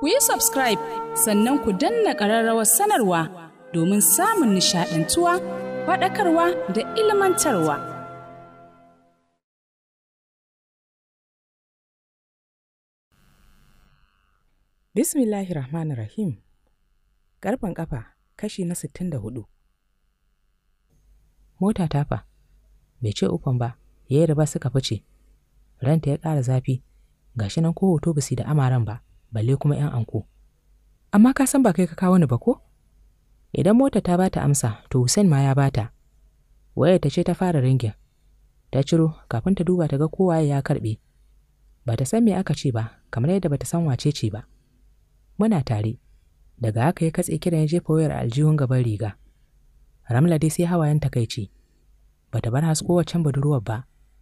ku yi subscribe sannan ku danna ƙararrawar sanarwa domin samun nishaɗantuwa faɗakarwa da ilmantarwa. Bismillahir Rahmanir Rahim Ƙarfen ƙafa kashi na sittin da hudu. Mota ta fa, bai ce ukun ba, ya yi ba suka fice, ranta ya ƙara zafi, gashi nan ko hoto da amaran ba. balle kuma 'yan anko. Amma ka san ba kai ka kawo ni ba ko? Idan mota ta bata amsa, to Hussein ma ya bata. waya ta ce ta fara ringin. Ta ciro kafin ta duba ta ga kowa ya karɓe. Ba ta san me aka ce ba, kamar yadda ba ta san wace ce ba. Muna tare. Daga haka ya katse kiran ya jefa wayar aljihun gaban riga. Ramla dai sai hawayen takaici. Ba ta bar hasko wacan budurwar ba,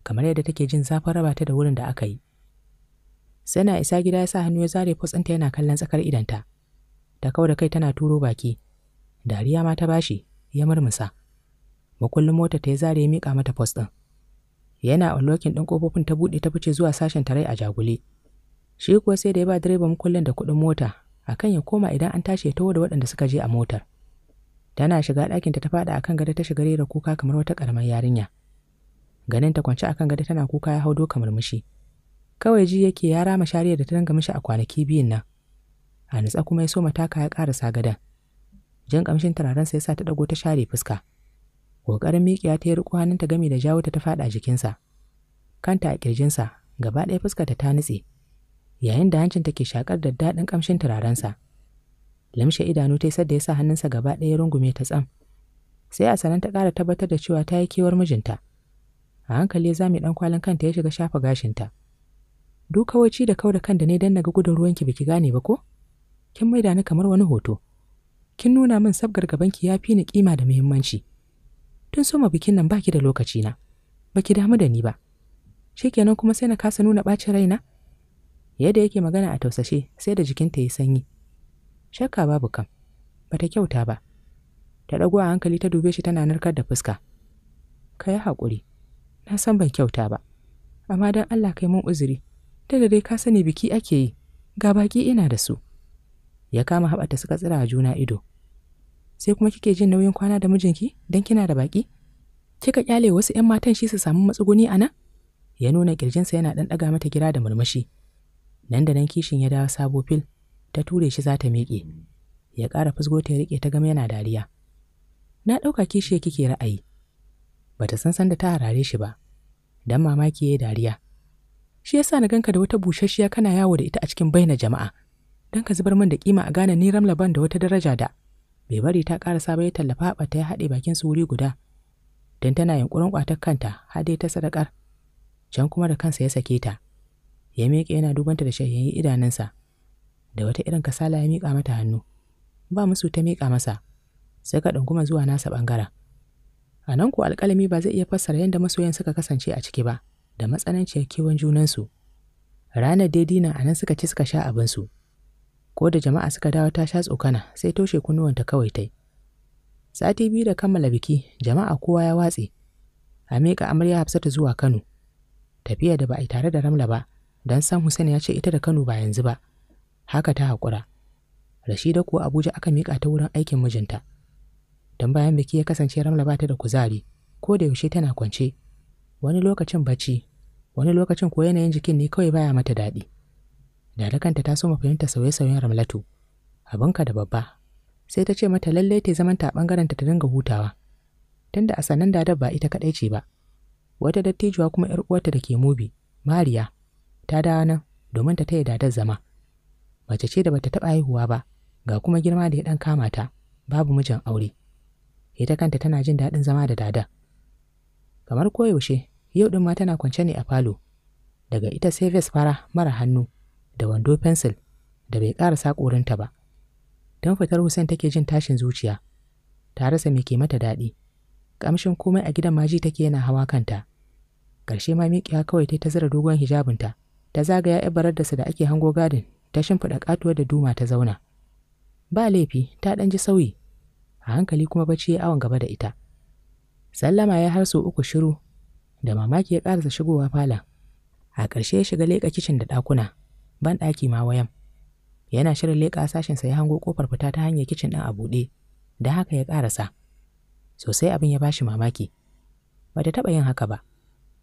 kamar yadda take jin zafin raba ta da wurin da aka yi. Sai na isa gida ya sa hannu ya zare fusɗinta yana kallon tsakar idanta. Ta kawo da kai tana turo baki. Dariya ma ta bashi, ya murmusa. Makullin mota ta ya zare ya miƙa mata fos ɗin. Yana unlocking ɗin ƙofofin ta buɗe ta fice zuwa sashen tarai a jagule. Shi kuwa sai da ya ba direban makullin da kuɗin mota akan ya koma idan an tashi ya taho da waɗanda suka je a motar. Tana shiga ɗakinta ta faɗa akan gada ta shiga rera kuka kamar wata ƙaramar yarinya. Ganin ta kwance akan gada tana kuka ya hau doka murmushi. kawai ji yake ya rama shariyar da ta danga mishi a kwanaki biyun nan a nutsa kuma ya so mataka ya ƙarasa gadon. jan ƙamshin turaren sa ya sa ta ɗago ta share fuska ƙoƙarin miƙiya ta yi riƙo hannunta gami da jawo ta ta jikin jikinsa kanta a ƙirjinsa gaba ɗaya fuska ta ta nutse yayin da hancin take shaƙar da daɗin ƙamshin turarensa lamshe idanu ta sadda ya sa hannunsa gaba ɗaya rungume ta tsam sai a sanan ta ƙara tabbatar da cewa ta yi kewar mijinta a hankali ya zame ɗan kwalin kanta ya shiga shafa gashinta. Duk kawaici da kau da kan da ne dan naga gudun ruwanki biki gane ba ko? Kin maida ni kamar wani hoto. Kin nuna min sabgar gabanki ya fi ni kima da muhimmanci. Tun soma bikin nan baki da lokaci na. Baki damu da ni ba. Shikenan kuma sai na kasa nuna ɓacin raina? Yadda yake magana a tausashe sai da jikinta ya sanyi. Shakka babu kam. Bata kyauta ba. Ta ɗago a hankali ta dube shi tana narkar da fuska. Ka yi haƙuri. Na san ban kyauta ba. Amma don Allah kai mun uzuri. da dai ka sani biki ake yi ga baki ina da su ya kama haɓata suka tsira a juna ido sai kuma kike jin nauyin kwana da mijinki don kina da baki kika kyale wasu 'yan matan shi su samu matsuguni a nan ya nuna ƙirjinsa yana ɗan ɗaga mata gira da murmushi nan da nan kishin ya dawo sabo fil ta ture shi za ta miƙe ya ƙara fusgo ta riƙe ta gama yana dariya na ɗauka kishi kike ra'ayi bata san san da ta harare shi ba dan mamaki ya yi dariya shi yasa na ganka da wata bushashiya kana yawo da ita a cikin bai na jama'a don ka zubar min da kima a gane ni ramlaban da wata daraja da bai bari ta ƙara sabai ya tallafa ta ya haɗe bakin su wuri guda don tana yunƙurin ƙwatar kanta har ta sadakar can kuma da kansa ya sake ta ya miƙe yana dubanta da shayyayi idanunsa da wata irin kasala ya miƙa mata hannu ba musu ta miƙa masa sai ka ɗunguma zuwa nasa ɓangaren a nan ko alƙalami ba zai iya fassara yadda masoyan suka kasance a ciki ba da matsananciyar kewan junansu. Ranar dai na a suka ci suka sha abinsu. Ko da jama'a suka dawo ta sha tsokana sai toshe kunnuwanta kawai tai. Sati biyu da kammala biki, jama'a kowa ya watse. A miƙa amarya Hafsatu zuwa Kano. Tafiya da ba a yi tare da Ramla ba, don san Hussein ya ce ita da Kano ba yanzu ba. Haka ta haƙura. Rashida kuwa Abuja aka miƙa ta wurin aikin mijinta. Don bayan biki ya kasance Ramla ba ta da kuzari, ko da yaushe tana kwance, wani lokacin bacci wani lokacin ko yanayin jikin ne kawai baya mata daɗi da kanta ta soma fahimta sauye-sauyen ramlatu abinka da babba sai ta ce mata lallai ta zamanta a bangaren ta dinga hutawa tunda a sannan da ba ita kaɗai ce ba wata dattijuwa kuma yar uwarta da ke mubi mariya ta dawo nan domin ta taya dadar zama mace ce da bata taɓa haihuwa ba ga kuma girma da ya ɗan kama ta babu mijin aure ita kanta tana jin daɗin zama da dada kamar koyaushe yau ɗin ma tana kwance ne a falo daga ita sai ves fara mara hannu da wando fensil da bai ƙarasa ƙorinta ba don fitar Hussein take jin tashin zuciya ta rasa me ke mata daɗi ƙamshin komai a gidan maji take yana hawa kanta ƙarshe ma miƙiya kawai ta ta zira dogon hijabinta ta zagaya ya barar da su da ake hango gadin ta shimfiɗa ƙatuwar da duma ta zauna ba laifi ta ɗan ji sauyi a hankali kuma bacci ya awon gaba da ita sallama ya har sau uku shiru da mamaki ya ƙarasa shigowa falon a ƙarshe ya shiga leƙa kicin da ɗakuna ban ɗaki ma wayan yana shirin leƙa sa ya hango ƙofar fita ta hanyar kicin ɗin a buɗe da haka ya ƙarasa sosai abin ya bashi mamaki Bata taɓa yin haka ba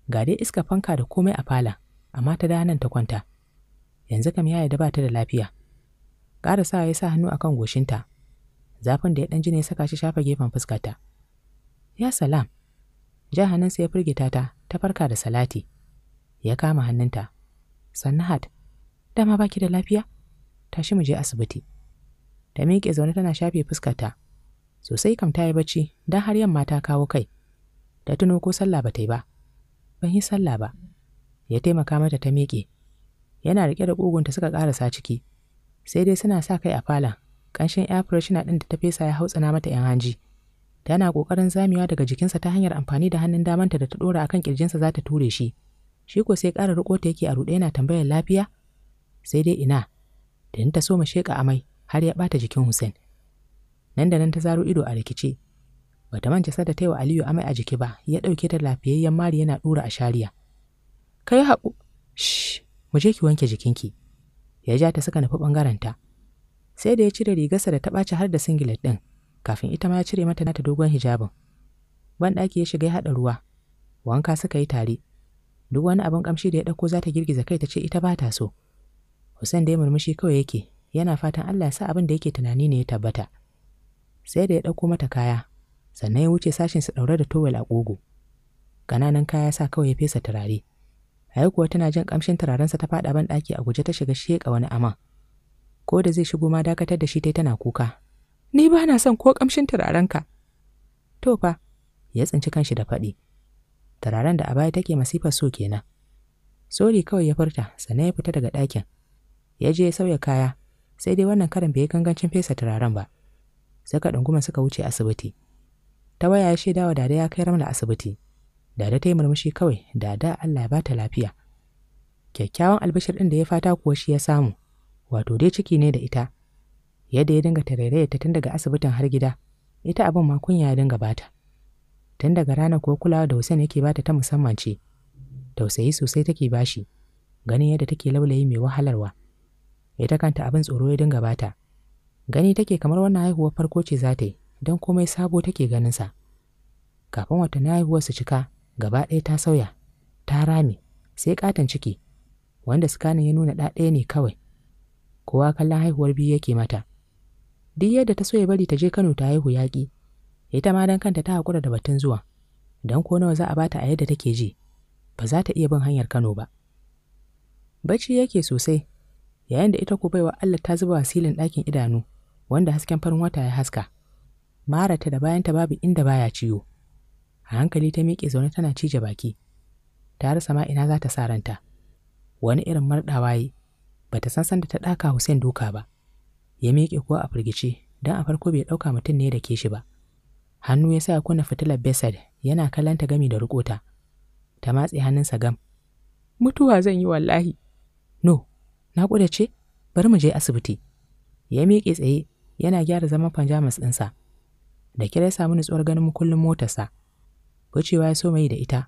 ga dai iska fanka da komai a fala amma ta da nan ta kwanta yanzu kam ya yarda ba ta da lafiya ƙarasawa ya sa hannu akan goshinta zafin da ya ɗan ya ya saka shi shafa gefen fuskarta ya salam ja hannunsa ya firgita ta ta farka da salati ya kama hannunta sannahat dama baki da lafiya tashi mu je asibiti ta miƙe zaune tana shafe fuskarta sosai kam ta yi bacci don har yamma ta kawo kai ta tuno ko sallah ba ta yi ba ban yi sallah ba ya taimaka mata ta miƙe yana riƙe da ƙugunta suka ƙarasa ciki sai dai suna sa kai a falon ƙanshin air freshener ɗin da ta fesa ya hautsana mata 'yan hanji Tana ƙoƙarin zamewa daga jikinsa ta hanyar amfani da hannun damanta da ta ɗora akan ƙirjinsa za ta ture shi. Shi ko sai ƙara riƙo ta yake a ruɗe yana tambayar lafiya? Sai dai ina, da ta so mu sheƙa amai har ya ɓata jikin Hussein. Nan da nan ta zaro ido a rikice. Bata manta sada ta yi wa Aliyu amai a jiki ba, ya ɗauke ta lafiyayyen mari yana ɗura a shariya. Kai haƙu, shh, mu je ki wanke jikinki. Ya ja ta suka nufi ɓangaren ta. sai da ya cire rigarsa da ta ɓaci har da singlet ɗin kafin ita ma ya cire mata nata dogon hijabin. Banɗaki ya shiga ya haɗa ruwa, wanka suka yi tare. Duk wani abin ƙamshi da ya ɗauko za ta girgiza kai ta ce ita ba ta so. Hussein dai murmushi kawai yake, yana fatan Allah ya sa abin da yake tunani ne ya tabbata. Sai da ya ɗauko mata kaya, sannan ya wuce sashin su ɗaure da towel a ƙugu. Ƙananan kaya sa kawai ya fesa turare. Ayi kuwa tana jin ƙamshin turarensa ta faɗa banɗaki a guje ta shiga sheƙa wani aman. Ko da zai shigo ma dakatar da shi tai tana kuka, ni ba na son ko ƙamshin turarenka. To fa, ya tsinci kanshi da faɗi. Turaren da a baya take masifar so kenan. Sori kawai ya furta, sannan ya fita daga ɗakin. Ya je ya sauya kaya, sai dai wannan karin bai gangancin fesa turaren ba. Suka ɗunguma suka wuce asibiti. Ta waya ya shaidawa Dada ya kai ramla asibiti. Dada ta yi murmushi kawai, Dada Allah ya bata lafiya. Kyakkyawan albishir ɗin da ya fata kuwa shi ya samu, wato dai ciki ne da ita, yadda ya dinga tarairayar ta tun daga asibitin har gida ita abin ma kunya ya dinga bata tun daga ranar kuwa kulawa da Hussein yake bata ta musamman ce tausayi sosai take bashi ganin yadda take laulayi mai wahalarwa ita kanta abin tsoro ya dinga bata gani take kamar wannan haihuwar farko ce za ta yi don komai sabo take ganin sa kafin watanni haihuwar su cika gaba ɗaya ta sauya ta rame sai katon ciki wanda sukanin ya nuna ɗaɗaya ne kawai kowa kallon haihuwar biyu yake mata duk yadda ta so ya bari ta je Kano ta haihu yaƙi ita ma dan kanta ta haƙura da batun zuwa dan ko nawa za a bata a yadda take ji ba za ta iya bin hanyar Kano ba bacci yake sosai yayin da ita ko baiwa Allah ta zuba wasilin ɗakin idanu wanda hasken farin wata ya haska Mara ta da bayan ta babu inda baya ciwo a hankali ta miƙe zaune tana cije baki ta rasa ma ina za ta sa ranta wani irin marɗawa yi ba ta san sanda ta ɗaka Hussein doka ba ya miƙe ko a firgice don a farko bai ɗauka mutum ne da ke shi ba hannu ya sa ya kunna fitilar besad yana kalanta gami da rukota. ta matse hannunsa gam mutuwa zan yi wallahi no na ce bari mu je asibiti ya miƙe tsaye yana gyara zaman panjamas ɗinsa da kira ya samu nutsuwar ganin kullum motarsa wucewa ya so mai da ita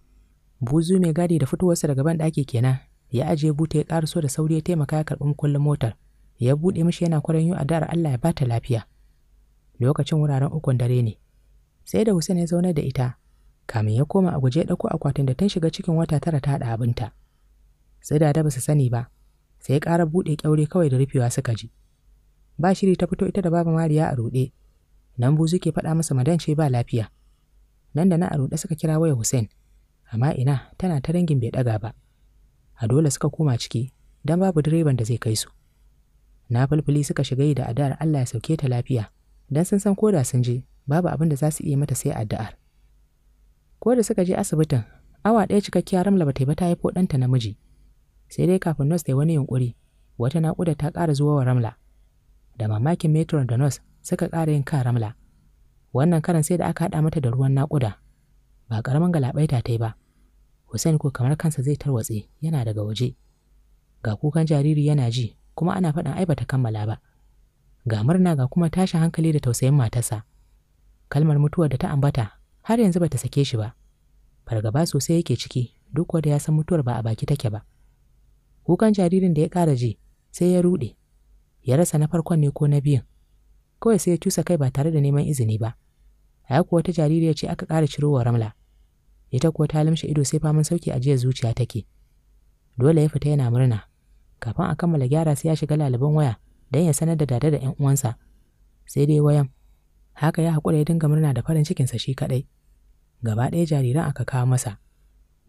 buzu mai gadi da fitowarsa daga ban ɗaki kenan ya ajiye buta ya ƙara so da sauri ya taimaka ya karɓi mukullin motar ya buɗe mishi yana kwaranyo addu'ar Allah ya bata lafiya. Lokacin wuraren ukun dare ne, sai da Hussein ya zaune da ita, kamin ya koma a guje ya ɗauko akwatin da tun shiga cikin wata tara ta haɗa abinta. Sai da ba su sani ba, sai ya ƙara buɗe ƙyaure kawai da rufewa suka ji. Ba shiri ta fito ita da Baba Mariya a ruɗe, nan buzu ke faɗa masa madance ba lafiya. Nan da na a ruɗe suka kira waya Hussein, amma ina tana ta rangin bai ɗaga ba. A dole suka koma ciki, don babu direban da zai kai su. na fulfuli suka shiga yi da addu'ar Allah ya sauke ta lafiya dan sun san koda sun je babu abin da za su iya mata sai addu'ar ko da suka je asibitin awa ɗaya cikakkiya ramla ba ta yi ba ta ɗanta namiji sai dai kafin nurse ta yi wani yunkuri wata naƙuda ta ƙara zuwa wa ramla da mamakin metron da nurse suka ƙara yin kan ramla wannan karan sai da aka haɗa mata da ruwan naƙuda ba ƙaramin galaɓaita ta yi ba Hussein ko kamar kansa zai tarwatse yana daga waje ga kukan jariri yana ji kuma ana faɗin ai bata kammala ba ga murna ga kuma tashi hankali da tausayin matarsa kalmar mutuwar da ta ambata har yanzu bata sake shi ba fargaba sosai yake ciki duk wanda ya san mutuwar ba a baki take ba kukan jaririn da ya ƙara ji sai ya ruɗe ya rasa na farkon ne ko na biyun kawai sai ya cusa kai ba tare da neman izini ba Ya kuwa ta jaririya ce aka ƙara wa ramla ita kuwa ta lamshe ido sai faman sauki a jiya zuciya take dole ya fita yana murna kafin a kammala gyara sai ya shiga laliban waya don ya sanar da dada da 'yan uwansa sai dai wayan haka ya haƙura ya dinga murna da farin cikinsa shi kaɗai gaba ɗaya jariran aka kawo masa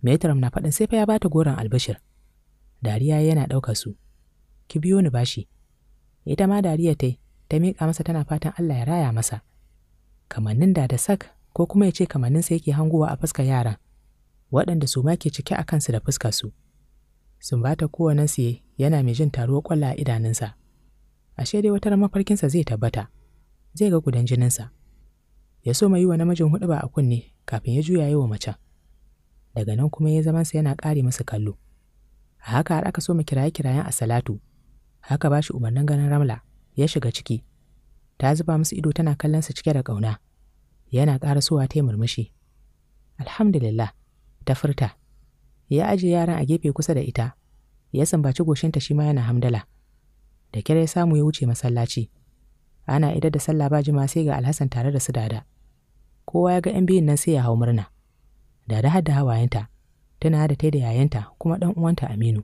metram na faɗin sai fa ya bata goron albashir dariya yana ɗaukar su ki biyo ni bashi ita ma dariya ta ta miƙa masa tana fatan Allah ya raya masa kamannin da da sak ko kuma ya ce kamannin sa yake hangowa a fuskar yaran waɗanda su ma ke cike a kansu da fuskar su. sumbata siye yana mai jin taruwar kwalla a idanunsa ashe dai wata mafarkinsa zai tabbata zai ga gudan jininsa ya so mai yi wa namijin hudu ba a kunne kafin ya juya yi wa macen daga nan kuma ya zamansa yana ƙari masa kallo a haka har aka so mu kiraye kirayen a salatu haka ba shi umarnin ganin ramla ya shiga ciki ta zuba masa ido tana kallon sa cike da ƙauna yana ƙara sowa ta yi murmushi alhamdulillah ta furta ya ajiye yaran a gefe kusa da ita ya sambaci goshinta shi ma yana hamdala da kira ya samu ya wuce masallaci ana idar da sallah ba jima sai ga alhassan tare da su dada kowa ya ga yan biyun nan sai ya hau murna dada har hawayenta tana da tai da yayanta kuma ɗan uwanta aminu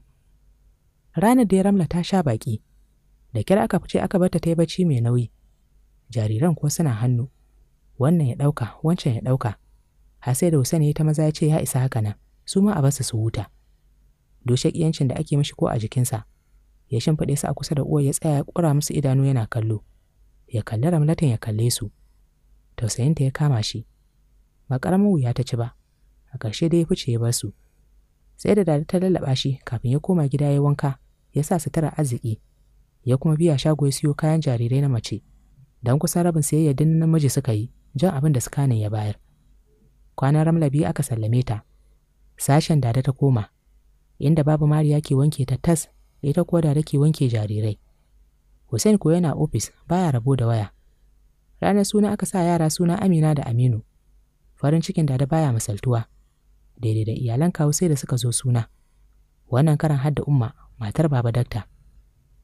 ranar da ya ramla ta sha baƙi. da kira aka fice aka barta ta yi bacci mai nauyi jariran kuwa suna hannu wannan ya ɗauka wancan ya ɗauka har da Hussein ta maza ya ce ya isa haka nan su ma a basu su huta doshek yancin da ake mishi ko a jikinsa ya shimfiɗe su a kusa da uwar ya tsaya ya kura musu idanu yana kallo ya kalli ramlatan ya kalle su tausayinta ya kama shi ba ƙaramin wuya ta ci ba a ƙarshe dai ya fice ya bar su sai da dada ta lallaɓa shi kafin ya koma gida ya wanka ya sa sutura arziki ya kuma biya shago ya siyo kayan jarirai na mace don kusan rabin sayayya din namiji suka yi jan abin da sukanin ya bayar kwanan ramla biyu aka sallame ta sashen dada ta koma inda babu mariya ke wanke ta tas ita kuwa dada ke wanke jarirai hussein ko yana ofis baya rabo da waya ranar suna aka sa yara suna amina da aminu farin cikin dada baya misaltuwa daidai da iyalan kawo sai da suka zo suna wannan karan hadda umma matar baba dakta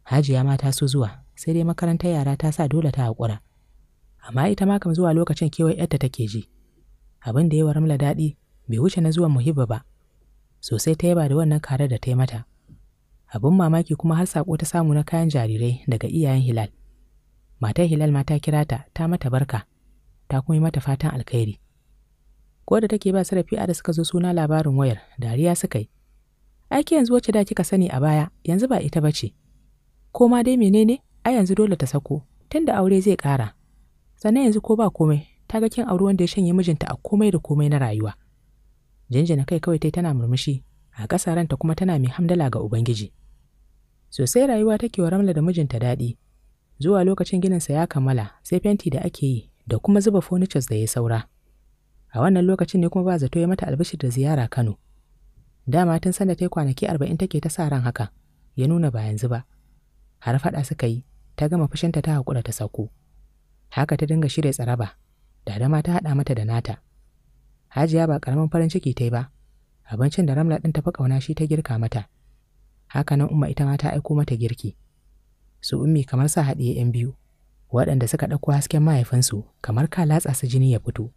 hajiya ma ta so zuwa sai dai makarantar yara ta sa dole ta haƙura amma ita ma kam zuwa lokacin kewar yadda take ji abin da wa ramla daɗi bai wuce na zuwa muhibba ba sosai ta yaba da wannan karar da ta yi mata abin mamaki kuma har sako ta samu na kayan jarirai daga iyayen hilal matar hilal ma ta kira ta ta mata barka ta kuma yi mata fatan alkhairi ko da take ba sarrafi da suka zo suna labarin wayar dariya suka yi aiki yanzu wacce da kika sani a baya yanzu ba ita bace ko ma dai menene a yanzu dole ta sako tunda aure zai kara. sannan yanzu ko ba komai ta ga kin auri wanda ya shanye mijinta a komai da komai na rayuwa jinjina kai kawai tai tana murmushi a ƙasa ranta kuma tana mai hamdala ga ubangiji sosai rayuwa take wa ramla da mijinta daɗi zuwa lokacin gininsa ya kammala sai fenti da ake yi da kuma zuba furnitures da ya saura a wannan lokacin ne kuma ba zato ya mata albishir da ziyara kano dama tun sanda ta yi kwanaki arba'in take ta sa ran haka ya nuna ba yanzu ba har faɗa suka yi ta gama fushinta ta haƙura ta sauko haka ta dinga shirya tsaraba da dama ta haɗa mata da nata Hajiya ba ƙaramin farin ciki ta yi ba, abincin da Ramla ɗin ta fi ƙauna shi ta girka mata. haka nan Umma ita ma ta aiko mata girki. Su Ummi kamar sa haɗiye ‘yan biyu, waɗanda suka ɗauko hasken mahaifinsu kamar ka latsa su jini ya fito.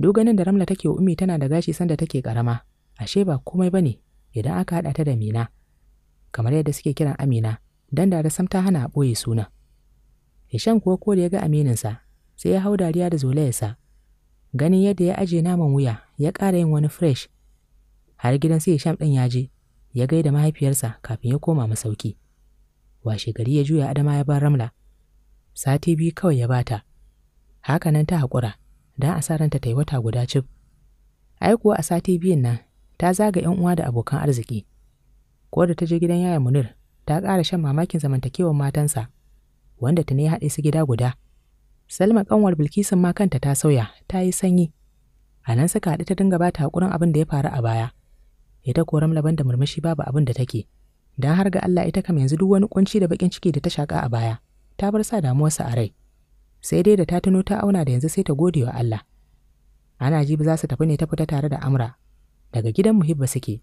Doganin da Ramla take wa Ummi tana da gashi sanda take ƙarama, ashe ba komai ba ne idan aka haɗa ta da Mina. Kamar yadda suke kiran Amina, dan da Sam ta hana a ɓoye suna. Hisham kuwa ko da ya ga amininsa, sai ya hau dariya da zolayarsa ganin yadda ya aje naman wuya ya ƙara yin wani fresh har gidan sai sham ɗin ya je ya gaida mahaifiyarsa kafin ya koma masauki washe gari ya juya adama ya bar ramla sati biyu kawai ya bata nan ta haƙura don a sa ranta ta yi wata guda cif ai kuwa a sati biyun nan ta zaga yan uwa da abokan arziki ko da ta je gidan yaya munir ta ƙara shan mamakin zamantakewar matansa wanda ta ne ya haɗe su gida guda Salma kanwar Bilkisun ma kanta ta sauya, ta yi sanyi. A nan suka haɗu ta dinga ba ta haƙurin abin da ya faru a baya. Ita ko ramlaban da murmushi babu abin da take. Dan har ga Allah ita kam yanzu duk wani kunci da bakin ciki da ta shaka a baya, ta bar sa damuwar sa a rai. Sai dai da ta tuno ta auna da yanzu sai ta gode wa Allah. Ana ba za su tafi ne ta fita tare da Amra. Daga gidan Muhibba suke.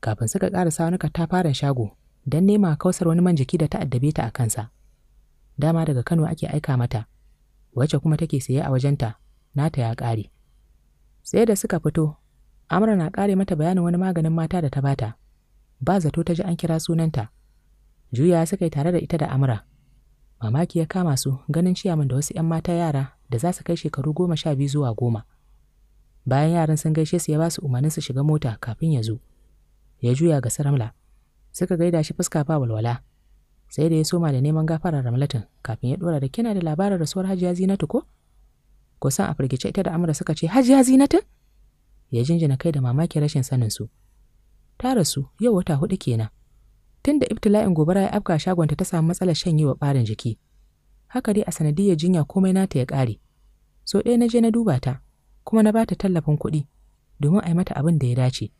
Kafin suka ƙarasa wani fara shago, dan nema kausar wani man jiki da ta addabe ta a kansa. Dama daga Kano ake aika mata. wacce kuma take saye a wajenta nata ya ƙare sai da suka fito amra na ƙare mata bayanin wani maganin mata da ta bata ba zato ta ji an kira sunanta juya suka yi tare da ita da amra mamaki ya kama su ganin ciyaman da wasu 'yan mata yara da za su kai shekaru goma sha biyu zuwa goma bayan yaran sun gaishe su ya ba su umarnin su shiga mota kafin ya zo ya juya ga saramla suka gaida shi fuska ba walwala sai da ya soma da neman gafarar ramlatin kafin ya dora da kina da labarin rasuwar hajiya zinatu ko san a firgice ita da amura suka ce hajiya zinatu ya jinjina kai da mamaki rashin sanin su ta rasu yau wata hudu kenan tun da ibtila'in gobara ya afka shagonta ta samu matsalar wa barin jiki haka dai a sanadiyar jinya komai nata ya kare. so ɗaya na je na duba ta kuma na bata tallafin kuɗi domin a yi mata abin da ya dace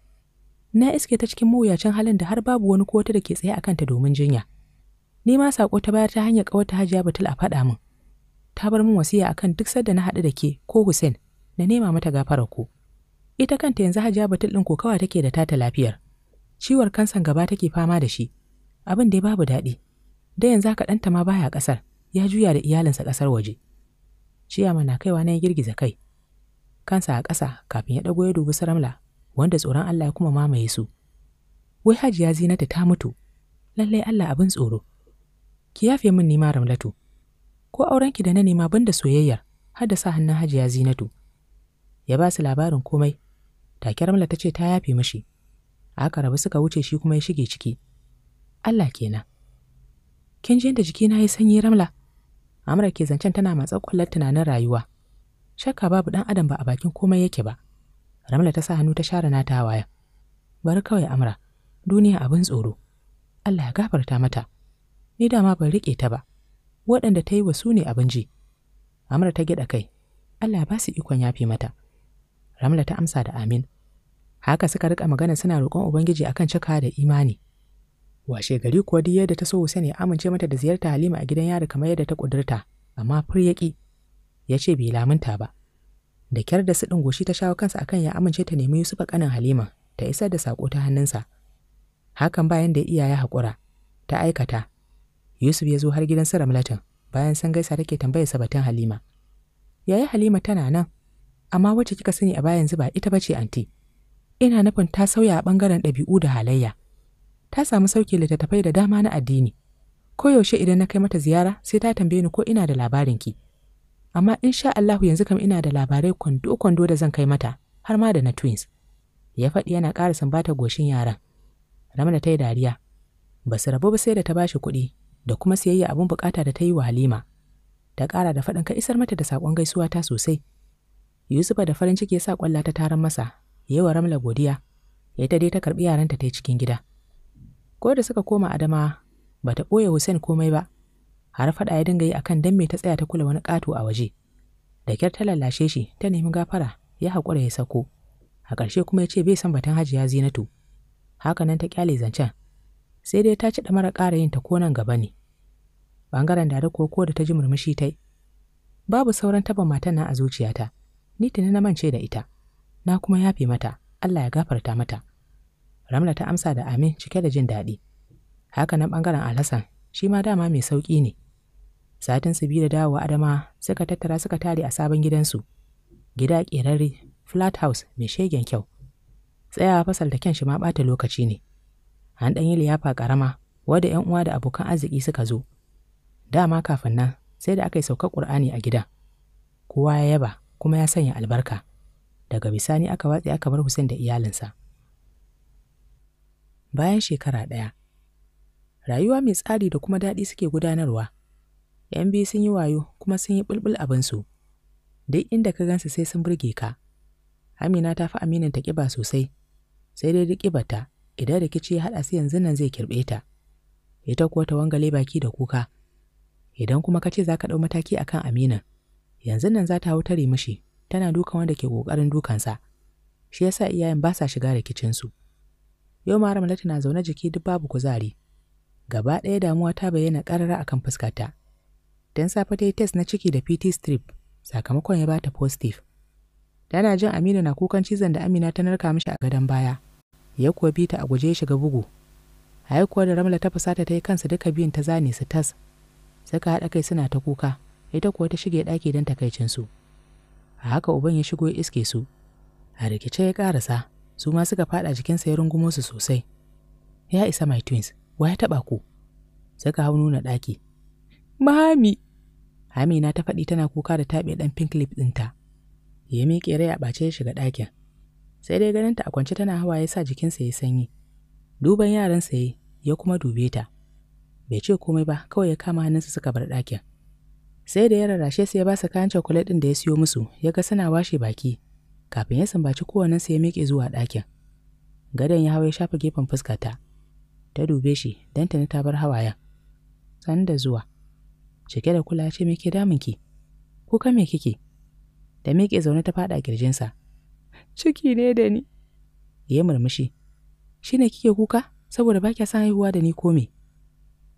na iske ta cikin mawuyacin halin da har babu wani ko da ke tsaye a kanta domin jinya Ni ma sako ta baya ta hanyar ƙawarta Hajiya Batul a faɗa min. Ta bar min wasiya akan duk sadda na haɗu da ke ko Hussein na nema mata gafarar ku. Ita kanta yanzu Hajiya Batul ɗin kokawa take da tata lafiyar. Ciwon kansan gaba take fama da shi. Abin dai babu daɗi. Da yanzu haka ɗanta ma baya ƙasar, ya juya da iyalinsa ƙasar waje. Ciyama na kaiwa na ya girgiza kai. Kansa a ƙasa kafin ya ɗago ya dubi saramla wanda tsoron Allah ya kuma mamaye su. wai hajiya zinata ta mutu lallai Allah abin tsoro ki yafe min nima ramlatu ko aurenki da na nema banda soyayyar har da sa hannun hajiya zinatu ya ba su labarin komai take ramla ta ce ta yafe mashi aka rabu suka wuce shi kuma ya shige ciki Allah kenan kin ji yadda jikina ya sanyi ramla amra ke zancen tana matsa kullar tunanin rayuwa shakka babu dan adam ba a bakin komai yake ba ramla ta sa hannu ta share nata waya bari kawai amra duniya abin tsoro Allah ya gafarta mata ni dama ban riƙe ta ba waɗanda ta yi wa su ne abin ji amara ta gyaɗa kai allah ba su ikon yafi mata ramla ta amsa da amin haka suka rika magana suna roƙon ubangiji akan cika da imani washe gari kuwa duk yadda ta so Hussein ya amince mata da ziyarta Halima a gidan yari kamar yadda ta kudurta amma fur ya yace ce bai lamunta ba da kyar da su goshi ta shawo kansa akan ya amince ta nemi Yusufa kanin Halima ta isar da sako ta hannunsa hakan bayan da iyaye haƙura ta aikata Yusuf ya zo har gidan su bayan san gaisa take tambayar sa batun Halima. Yaya Halima tana nan, amma wacce kika sani a bayan ba ita bace anti. Ina nufin ta sauya a bangaren ɗabi'u da halayya. Ta samu sauki littattafai da dama na addini. Koyaushe idan na kai mata ziyara sai ta tambaye ni ko ina da labarin ki. Amma insha Allahu yanzu kam ina da labarai kwando-kwando da zan kai mata har ma da na twins. Ya faɗi yana ƙara sambata goshin yaran. Ramana ta yi dariya. Ba su rabu ba sai da ta bashi kuɗi da kuma siyayya abin bukata da ta yi wa Halima. Ta ƙara da faɗin ka isar mata da saƙon gaisuwa ta sosai. Yusufa da farin ciki ya sa ƙwalla ta taron masa, ya wa Ramla godiya, ya ta dai ta karɓi yaranta ta yi cikin gida. Ko da suka koma Adama, ba ta ɓoye Hussein komai ba, har faɗa ya dinga yi akan dan me ta tsaya ta kula wani ƙato a waje. Da kyar ta lallashe shi, ta nemi gafara, ya haƙura ya sako. A ƙarshe kuma ya ce bai san batun hajiya zinatu. Haka nan ta kyale zancen, sai dai ta ci mara ƙara yin ta ko nan gaba ne. bangaren da ko ko da ta ji murmushi ta yi babu sauran taba matan na a zuciyata ni tuni na mance da ita na kuma yafe mata Allah ya gafarta mata Ramla ta amsa da amin cike da jin daɗi haka nan bangaren Alhassan shi ma dama mai sauƙi ne satin su biyu da dawowa Adama suka tattara suka tare a sabon gidansu gida ƙerarre flat house mai shegen kyau tsayawa fasal da kyan shi ma bata lokaci ne an ɗan yi liyafa karama wadda 'yan uwa da abokan arziki suka zo dama kafin nan sai da aka yi saukar ƙur'ani a gida kowa ya yaba kuma ya sanya albarka daga bisani aka watse aka bar Hussein da iyalinsa bayan shekara ɗaya rayuwa mai tsari da kuma daɗi suke gudanarwa yan biyu sun yi wayo kuma sun yi bulbul abinsu duk inda ka gansu sai sun burge ka amina ta fi aminin ta ƙiba sosai sai dai duk ta idan rikici ya haɗa su yanzu nan zai kirɓe ta ita kuwa ta wangale baki da kuka Idan kuma ka ce za ka ɗau mataki akan kan Amina, yanzu nan za ta hau tare mishi, tana dukan wanda ke ƙoƙarin dukansa. Shi yasa iyayen ba sa shiga rikicinsu. Yau ma Ramlatu na zaune jiki duk babu kuzari. Gaba ɗaya damuwa ta bayyana ƙarara akan fuskata. Dan safe ta yi test na ciki da PT strip, sakamakon ya bata positive. Tana jin Amina na kukan cizon da Amina ta narka mishi a gadon baya. Ya kuwa bi ta a guje shiga bugu. Haikuwa da Ramla ta fusata ta yi kansa duka biyun ta zane su tas ka haɗa kai suna ta kuka ita kuwa ta shige ɗaki don su. a haka uban ya shigo ya iske su a rikice ya ƙarasa su ma suka faɗa jikinsa ya rungumo su sosai ya isa my twins wa ya taɓa ku Saka hau nuna ɗaki mami amina ta faɗi tana kuka da taɓe ɗan pink lip ɗinta ya miƙe rai a ɓace ya shiga ɗakin sai dai ganinta a kwance tana hawa ya sa jikinsa ya sanyi duban yaran ya ya kuma dube ta bai ce komai ba kawai ya kama hannunsa suka bar ɗakin sai da ya rarrashe su ya ba su kayan cakulet ɗin da ya siyo musu ya ga suna washe baki kafin ya sambaci sai ya miƙe zuwa ɗakin gadon ya hau ya shafa gefen fuska ta ta dube shi don ta ta bar hawayen sanda da zuwa cike da kula ce me ke damunki ka me kike da miƙe zaune ta faɗa kirjinsa ciki ne da ni ya murmushi shi ne kike kuka saboda ba kya san haihuwa da ni ko me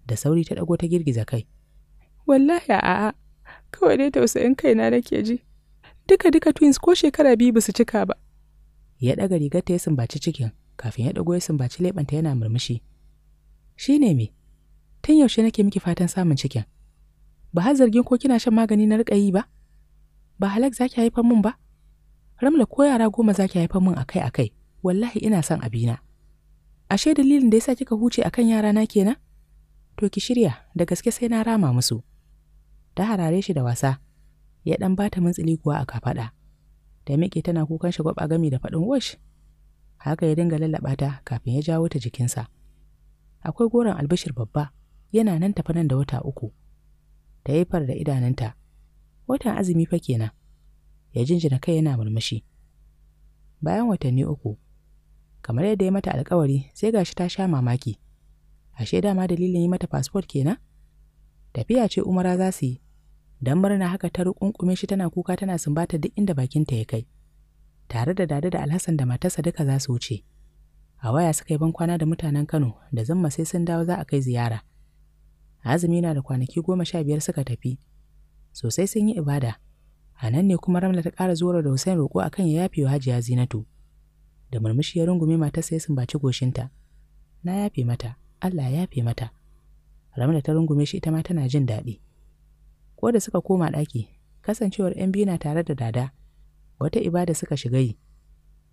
da sauri ta ɗago ta girgiza kai wallahi a'a kawai dai tausayin kaina nake ji duka duka twins ko shekara biyu basu cika ba ya ɗaga rigar ta ya sumbaci cikin kafin ya ɗago ya sumbaci leɓanta yana murmushi shi ne me tun yaushe nake miki fatan samun cikin ba har zargin ko kina shan magani na riƙa yi ba ba halak zaki haifar mun ba ramla ko yara goma zaki haifar mun akai akai wallahi ina son abina ashe dalilin da yasa kika huce akan yara na kenan To ki shirya, da gaske sai na rama musu. Ta harare shi da wasa, ya ɗan bata mintsili kuwa a kafaɗa. Da miƙe tana kukan shi gwaba gami da faɗin wash. Haka ya dinga lallaɓa ta kafin ya jawo ta jikinsa. Akwai goron albishir babba, yana nan tafi nan da wata uku. Ta yi far da idanunta. Watan azumi fa kenan. Ya jinjina kai yana murmushi. Bayan watanni uku, kamar yadda ya mata alkawari sai gashi ta sha mamaki. ashe dama dalilin yi mata fasfot kenan tafiya ce umara za su yi don murna haka ta rukunkume shi tana kuka tana sumbata duk inda bakinta ya kai tare da dada da alhassan da matarsa duka za su wuce a waya suka yi ban kwana da mutanen kano da zamma sai sun dawo za a kai ziyara azumi na da kwanaki goma sha biyar suka tafi sosai sun yi ibada a nan ne kuma ramla ta kara zuwa da hussein roƙo a kan ya yafe wa hajiya zinatu da murmushi ya rungume matarsa ya sumbaci goshinta na yafe mata Allah ya yafe mata Ramla ta rungume shi ita ma tana jin daɗi ko da suka koma ɗaki kasancewar yan biyu na tare da dada wata ibada suka shiga yi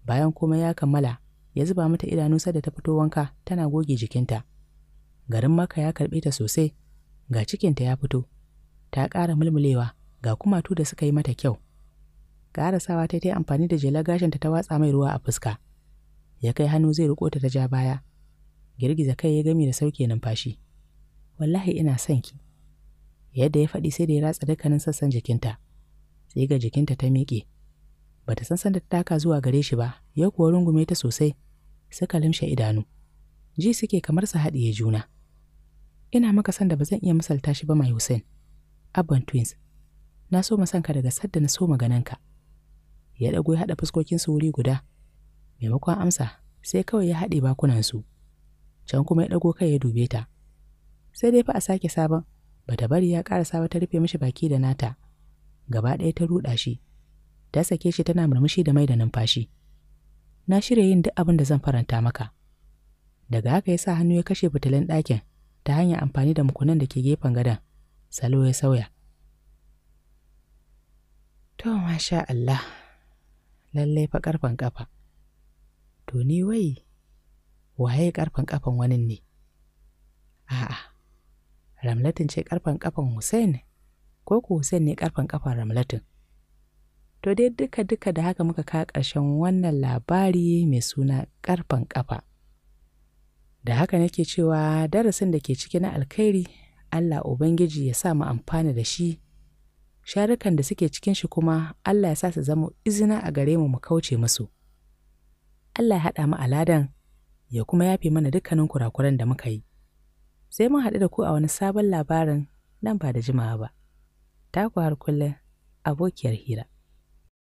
bayan kuma ya kammala ya zuba mata idanu da ta fito wanka tana goge jikinta garin maka ya karɓe ta sosai ga cikinta ya fito ta ƙara mulmulewa ga kumatu da suka yi mata kyau ƙarasawa ta ta amfani da jela gashinta ta watsa mai ruwa a fuska ya kai hannu zai riƙo ta ta ja baya girgiza kai ya gami da sauke numfashi wallahi ina son ki yadda ya faɗi sai da ya ratsa dukkanin sassan jikinta sai ga jikinta ta miƙe bata san sanda ta taka zuwa gare shi ba ya kuwa rungume ta sosai suka limshe idanu ji suke kamar su ya juna ina maka san da ba zan iya misalta shi ba mai Hussein abban twins na so ka daga sadda na so magananka ya ɗago ya haɗa fuskokinsu wuri guda maimakon amsa sai kawai ya haɗe bakunansu. su can kuma ya ɗago kai ya dube ta sai dai fa a sake sabon bata bari ya ƙarasa ba ta rufe mishi baki da nata gaba ɗaya ta ruɗa shi ta sake shi tana murmushi da mai da numfashi na shirya yin duk abin da zan faranta maka daga haka ya sa hannu ya kashe fitilan ɗakin ta hanyar amfani da mukunan da ke gefen gadon salo ya sauya to masha Allah lallai fa ƙarfen ƙafa to ni wai waye ƙarfen ƙafan wani ne a'a ramlatin ce ƙarfen ƙafan hussein ko ku hussein ne ƙarfen ƙafan ramlatin to dai duka duka da haka muka kawo ƙarshen wannan labari mai suna ƙarfen ƙafa da haka nake cewa darasin da ke ciki na alkhairi Allah Ubangiji ya sa mu amfana da shi, sharukan da suke cikin shi kuma Allah ya sa su zama izina a gare mu mu kauce musu. Allah ya haɗa mu aladan ya kuma yafe mana dukkanin kurakuran da muka yi. Sai mun haɗu da ku a wani sabon labarin nan ba da jimawa ba. Taku har kullum abokiyar hira.